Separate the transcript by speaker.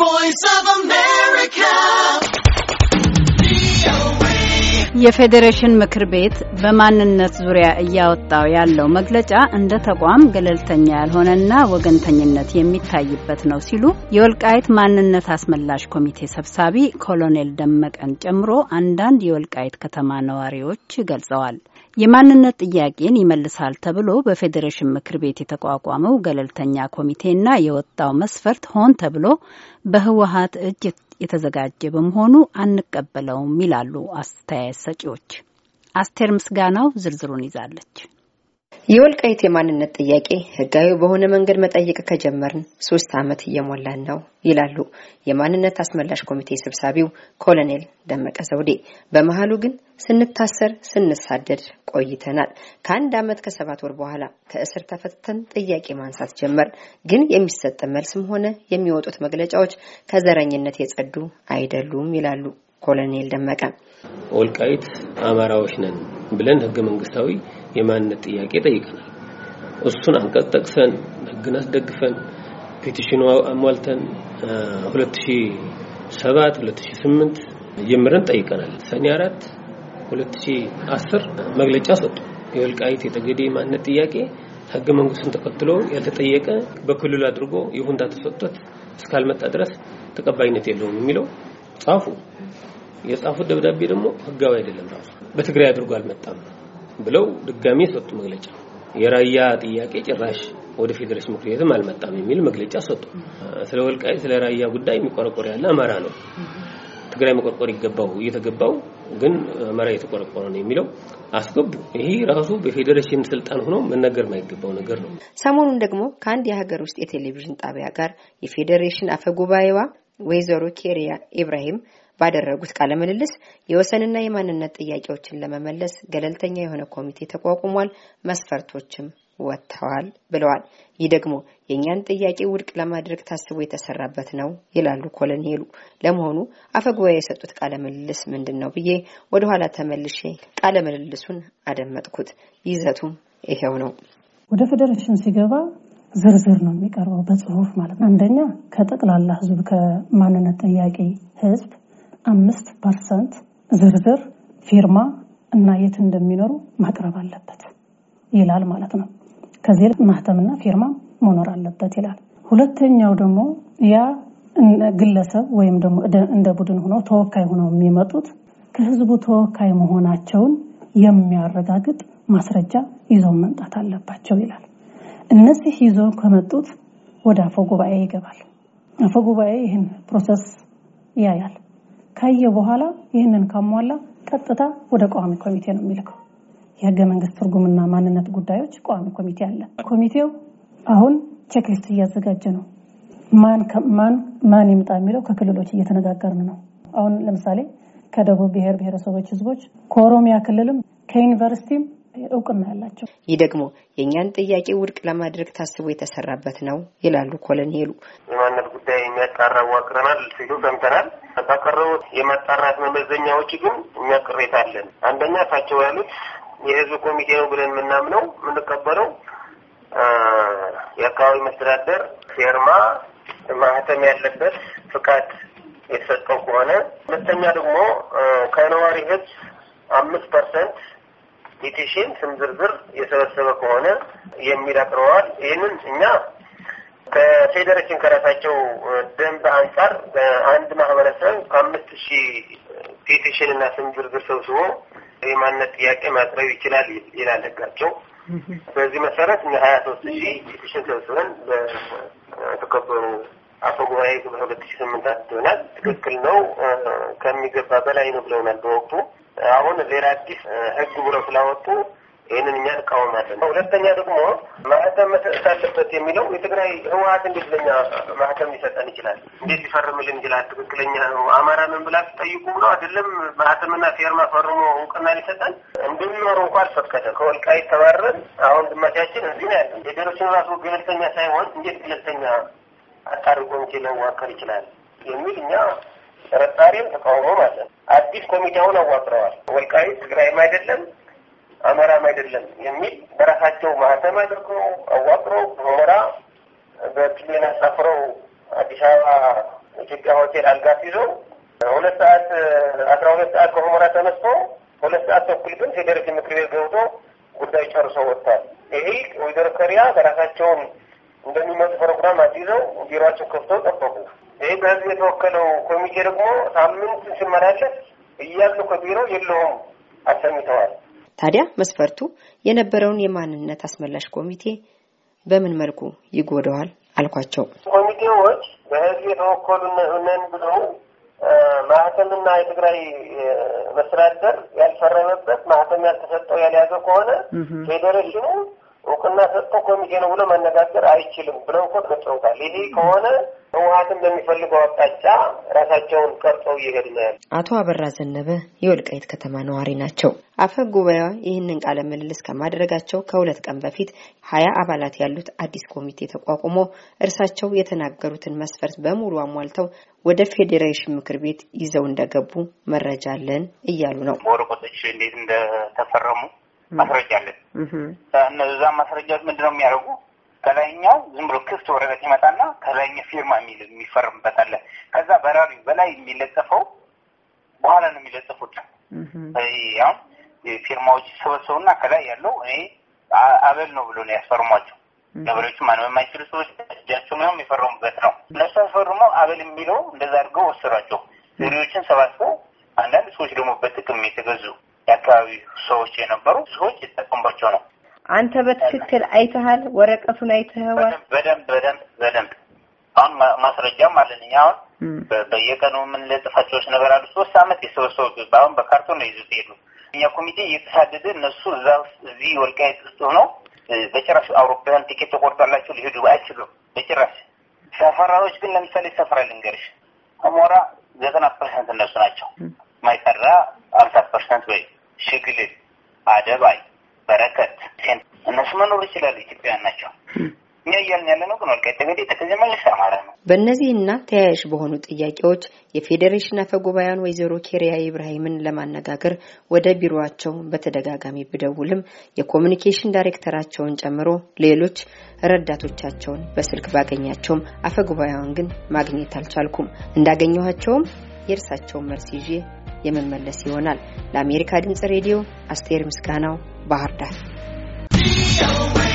Speaker 1: voice of America.
Speaker 2: የፌዴሬሽን ምክር ቤት በማንነት ዙሪያ እያወጣው ያለው መግለጫ እንደ ተቋም ገለልተኛ ያልሆነና ወገንተኝነት የሚታይበት ነው ሲሉ የወልቃይት ማንነት አስመላሽ ኮሚቴ ሰብሳቢ ኮሎኔል ደመቀን ጨምሮ አንዳንድ የወልቃይት ከተማ ነዋሪዎች ገልጸዋል። የማንነት ጥያቄን ይመልሳል ተብሎ በፌዴሬሽን ምክር ቤት የተቋቋመው ገለልተኛ ኮሚቴና የወጣው መስፈርት ሆን ተብሎ በህወሀት እጅ የተዘጋጀ በመሆኑ አንቀበለውም ይላሉ አስተያየት
Speaker 3: ሰጪዎች። አስቴር ምስጋናው
Speaker 2: ዝርዝሩን ይዛለች።
Speaker 3: የወልቃይት የማንነት ጥያቄ ህጋዊ በሆነ መንገድ መጠየቅ ከጀመርን ሶስት ዓመት እየሞላን ነው ይላሉ የማንነት አስመላሽ ኮሚቴ ሰብሳቢው ኮሎኔል ደመቀ ዘውዴ። በመሃሉ ግን ስንታሰር፣ ስንሳደድ ቆይተናል። ከአንድ ዓመት ከሰባት ወር በኋላ ከእስር ተፈትተን ጥያቄ ማንሳት ጀመር። ግን የሚሰጥ መልስም ሆነ የሚወጡት መግለጫዎች ከዘረኝነት የጸዱ አይደሉም ይላሉ ኮሎኔል ደመቀ።
Speaker 4: ወልቃይት አማራዎች ነን ብለን ህገ መንግስታዊ የማንነት ጥያቄ ጠይቀናል። እሱን አንቀጽ ጠቅሰን ህግን አስደግፈን ፔቲሽኑ አሟልተን 2007 2008 ጀምረን ጠይቀናል። ሰኔ 4 2010 መግለጫ ሰጡ። የወልቃይት የጠገዴ ማንነት ጥያቄ ህገ መንግስቱን ተከትሎ ያልተጠየቀ በክልሉ አድርጎ ይሁንታ ተሰጥቶት እስካልመጣ ድረስ ተቀባይነት የለውም የሚለው ጻፉ። የጻፉት ደብዳቤ ደግሞ ህጋዊ አይደለም። ራሱ በትግራይ አድርጎ አልመጣም። ብለው ድጋሚ ሰጡ መግለጫ። የራያ ጥያቄ ጭራሽ ወደ ፌዴሬሽን ምክር ቤትም አልመጣም የሚል መግለጫ ሰጡ። ስለ ወልቃይ ስለ ራያ ጉዳይ የሚቆረቆር ያለ አማራ ነው። ትግራይ መቆርቆር ይገባው እየተገባው ግን አማራ እየተቆረቆረ ነው የሚለው አስገቡ። ይሄ ራሱ በፌዴሬሽን ስልጣን ሆኖ መነገር የማይገባው
Speaker 2: ነገር
Speaker 3: ነው። ሰሞኑን ደግሞ ከአንድ የሀገር ውስጥ የቴሌቪዥን ጣቢያ ጋር የፌዴሬሽን አፈጉባኤዋ ወይዘሮ ኬሪያ ኢብራሂም ባደረጉት ቃለ ምልልስ የወሰንና የማንነት ጥያቄዎችን ለመመለስ ገለልተኛ የሆነ ኮሚቴ ተቋቁሟል፣ መስፈርቶችም ወጥተዋል ብለዋል። ይህ ደግሞ የእኛን ጥያቄ ውድቅ ለማድረግ ታስቦ የተሰራበት ነው ይላሉ ኮሎኔሉ። ለመሆኑ አፈጉባኤ የሰጡት ቃለ ምልልስ ምንድን ነው ብዬ ወደኋላ ተመልሼ ቃለ ምልልሱን አደመጥኩት። ይዘቱም ይሄው ነው። ወደ
Speaker 2: ፌዴሬሽን ሲገባ ዝርዝር ነው የሚቀርበው በጽሁፍ ማለት ነው። አንደኛ ከጠቅላላ ህዝብ ከማንነት ጥያቄ ህዝብ አምስት ፐርሰንት ዝርዝር ፊርማ እና የት እንደሚኖሩ ማቅረብ አለበት ይላል ማለት ነው። ከዚህ ማህተምና ፊርማ መኖር አለበት ይላል። ሁለተኛው ደግሞ ያ ግለሰብ ወይም ደግሞ እንደ ቡድን ሆኖ ተወካይ ሆነው የሚመጡት ከህዝቡ ተወካይ መሆናቸውን የሚያረጋግጥ ማስረጃ ይዘው መምጣት አለባቸው ይላል። እነዚህ ይዞ ከመጡት ወደ አፈ ጉባኤ ይገባል። አፈ ጉባኤ ይህን ፕሮሰስ ያያል። ካየ በኋላ ይህንን ካሟላ ቀጥታ ወደ ቋሚ ኮሚቴ ነው የሚልከው። የህገ መንግስት ትርጉምና ማንነት ጉዳዮች ቋሚ ኮሚቴ አለ። ኮሚቴው አሁን ቼክሊስት እያዘጋጀ ነው። ማን ማን ይምጣ የሚለው ከክልሎች እየተነጋገርን ነው። አሁን ለምሳሌ ከደቡብ ብሔር ብሔረሰቦች ህዝቦች ከኦሮሚያ ክልልም ከዩኒቨርሲቲም እውቅና አላቸው።
Speaker 3: ይህ ደግሞ የእኛን ጥያቄ ውድቅ ለማድረግ ታስቦ የተሰራበት ነው ይላሉ ኮሎኔሉ። የማንነት ጉዳይ የሚያጣራ
Speaker 4: ዋቅረናል ሲሉ ሰምተናል። ባቀረቡት የማጣራት መመዘኛዎች ግን እኛ ቅሬታ አለን። አንደኛ እሳቸው ያሉት የህዝብ ኮሚቴ ነው ብለን የምናምነው የምንቀበለው የአካባቢ መስተዳደር ፌርማ ማህተም ያለበት ፍቃድ የተሰጠው ከሆነ ሁለተኛ ደግሞ ከነዋሪ ህዝብ አምስት ፐርሰንት የቴሽን ስም ዝርዝር የሰበሰበ ከሆነ የሚል አቅርበዋል። ይህንን እኛ ከፌዴሬሽን ከራሳቸው ደንብ አንጻር በአንድ ማህበረሰብ ከአምስት ሺህ ፔቲሽን እና ስም ዝርዝር ሰብስቦ የማንነት ጥያቄ ማቅረብ ይችላል ይላል ህጋቸው። በዚህ መሰረት እ ሀያ ሶስት ሺህ ፔቲሽን ሰብስበን በተከበሩ አፈ ጉባኤ በሁለት ሺህ ስምንት ይሆናል። ትክክል ነው፣ ከሚገባ በላይ ነው ብለውናል በወቅቱ አሁን ሌላ አዲስ ህግ ብሎ ስላወጡ ይህንን እኛ እንቃወማለን። ሁለተኛ ደግሞ ማህተም መሰጠት አለበት የሚለው የትግራይ ህወሀት እንዴት ለኛ ማህተም ሊሰጠን ይችላል? እንዴት ሊፈርምልን ይችላል? ትክክለኛ አማራ ምን ብላ ትጠይቁ ብሎ አይደለም ማህተምና ፌርማ ፈርሞ እውቅና ሊሰጠን እንድንኖር እንኳ አልፈቀደ። ከወልቃይት ተባረን አሁን ድማቻችን እዚህ ነው ያለን። ፌዴሬሽን ራሱ ገለልተኛ ሳይሆን እንዴት ገለልተኛ አጣሪ ኮሚቴ ሊዋቀር ይችላል የሚል እኛ ጥርጣሬም ተቃውሞ አለ። አዲስ ኮሚቴውን አዋቅረዋል። ወልቃይት ትግራይም አይደለም አማራም አይደለም የሚል በራሳቸው ማህተም አድርገው አዋቅረው ሁመራ በፕሌን አሳፍረው አዲስ አበባ ኢትዮጵያ ሆቴል አልጋ ይዘው ሁለት ሰዓት አስራ ሁለት ሰዓት ከሁመራ ተነስቶ ሁለት ሰዓት ተኩል ግን ፌዴሬሽን ምክር ቤት ገብቶ ጉዳይ ጨርሶ ወጥቷል። ይሄ ወይዘሮ ከሪያ በራሳቸውን እንደሚመጡ ፕሮግራም አዲዘው ቢሮቸው ከፍተው ጠበቁ። ይህ በህዝብ የተወከለው ኮሚቴ ደግሞ ሳምንት ሲመላለስ እያሉ ከቢሮ የለውም አሰኝተዋል።
Speaker 3: ታዲያ መስፈርቱ የነበረውን የማንነት አስመላሽ ኮሚቴ በምን መልኩ ይጎደዋል አልኳቸው።
Speaker 4: ኮሚቴዎች በህዝብ የተወከሉ ነን ብሎ ማህተምና የትግራይ መስተዳደር ያልፈረመበት ማህተም ያልተሰጠው ያልያዘ ከሆነ ፌዴሬሽኑ
Speaker 3: እውቅና ሰጥቶ ኮሚቴ ነው ብሎ መነጋገር አይችልም ብለው እኮ ተቀጥረውታል። ይሄ ከሆነ ህወሀትን በሚፈልገው አቅጣጫ ራሳቸውን ቀርጸው እየሄዱ ነው ያለ አቶ አበራ ዘነበ የወልቃይት ከተማ ነዋሪ ናቸው። አፈ ጉባኤዋ ይህንን ቃለ ምልልስ ከማድረጋቸው ከሁለት ቀን በፊት ሀያ አባላት ያሉት አዲስ ኮሚቴ ተቋቁሞ እርሳቸው የተናገሩትን መስፈርት በሙሉ አሟልተው ወደ ፌዴሬሽን ምክር ቤት ይዘው እንደገቡ መረጃ አለን እያሉ ነው
Speaker 1: ወረቀቶች እንዴት እንደተፈረሙ ማስረጃ አለን። እነዛ ማስረጃዎች ምንድን ነው የሚያደርጉ ከላይኛው ዝም ብሎ ክፍት ወረቀት ይመጣና ከላይኛው ፊርማ የሚል የሚፈርምበት አለ። ከዛ በራሪ በላይ የሚለጠፈው በኋላ ነው የሚለጠፉት። አሁን ፊርማዎች ሰበሰቡና ከላይ ያለው እኔ አበል ነው ብሎ ነው ያስፈርሟቸው። ገበሬዎቹ ማንም የማይችሉ ሰዎች እጃቸው ነው የሚፈርሙበት ነው። እነሱ አስፈርመው አበል የሚለው እንደዛ አድርገው ወሰዷቸው። ዘሪዎችን ሰባስበው አንዳንድ ሰዎች ደግሞ በጥቅም የተገዙ የአካባቢ ሰዎች የነበሩ ሰዎች ይጠቀምባቸው ነው።
Speaker 3: አንተ በትክክል አይተሃል? ወረቀቱን
Speaker 1: አይተኸዋል? በደንብ በደንብ በደንብ አሁን ማስረጃም አለን። እኛ አሁን በየቀኑ ምን ለጥፋቸዎች ነገር አሉ። ሶስት አመት የሰበሰቡ አሁን በካርቶን ነው ይዙት ሄዱ። እኛ ኮሚቴ እየተሳደደ እነሱ እዛ እዚህ ወልቃይት ውስጥ ሆነው በጭራሽ አውሮፕላን ቲኬት ተቆርጣላቸው ሊሄዱ አይችሉም በጭራሽ። ሰፈራዎች ግን ለምሳሌ ሰፈራ ልንገርሽ፣ አሞራ ዘጠና ፐርሰንት እነሱ ናቸው። ማይፈራ ሽግልል፣ አደባይ፣ በረከት፣ እነሱ መኖር ይችላሉ። ኢትዮጵያውያን ናቸው። እኛ እያልን ያለ ነው ግን ወልቃይት ጠገዴ ተከዜ
Speaker 3: መልስ አማራ ነው። በእነዚህና ተያያዥ በሆኑ ጥያቄዎች የፌዴሬሽን አፈ ጉባኤን ወይዘሮ ኬሪያ ኢብራሂምን ለማነጋገር ወደ ቢሮቸው በተደጋጋሚ ብደውልም የኮሚኒኬሽን ዳይሬክተራቸውን ጨምሮ ሌሎች ረዳቶቻቸውን በስልክ ባገኛቸውም አፈ ጉባኤዋን ግን ማግኘት አልቻልኩም። እንዳገኘኋቸውም የእርሳቸውን መልስ ይዤ የመመለስ ይሆናል። ለአሜሪካ ድምጽ ሬዲዮ አስቴር ምስጋናው ባህር ዳር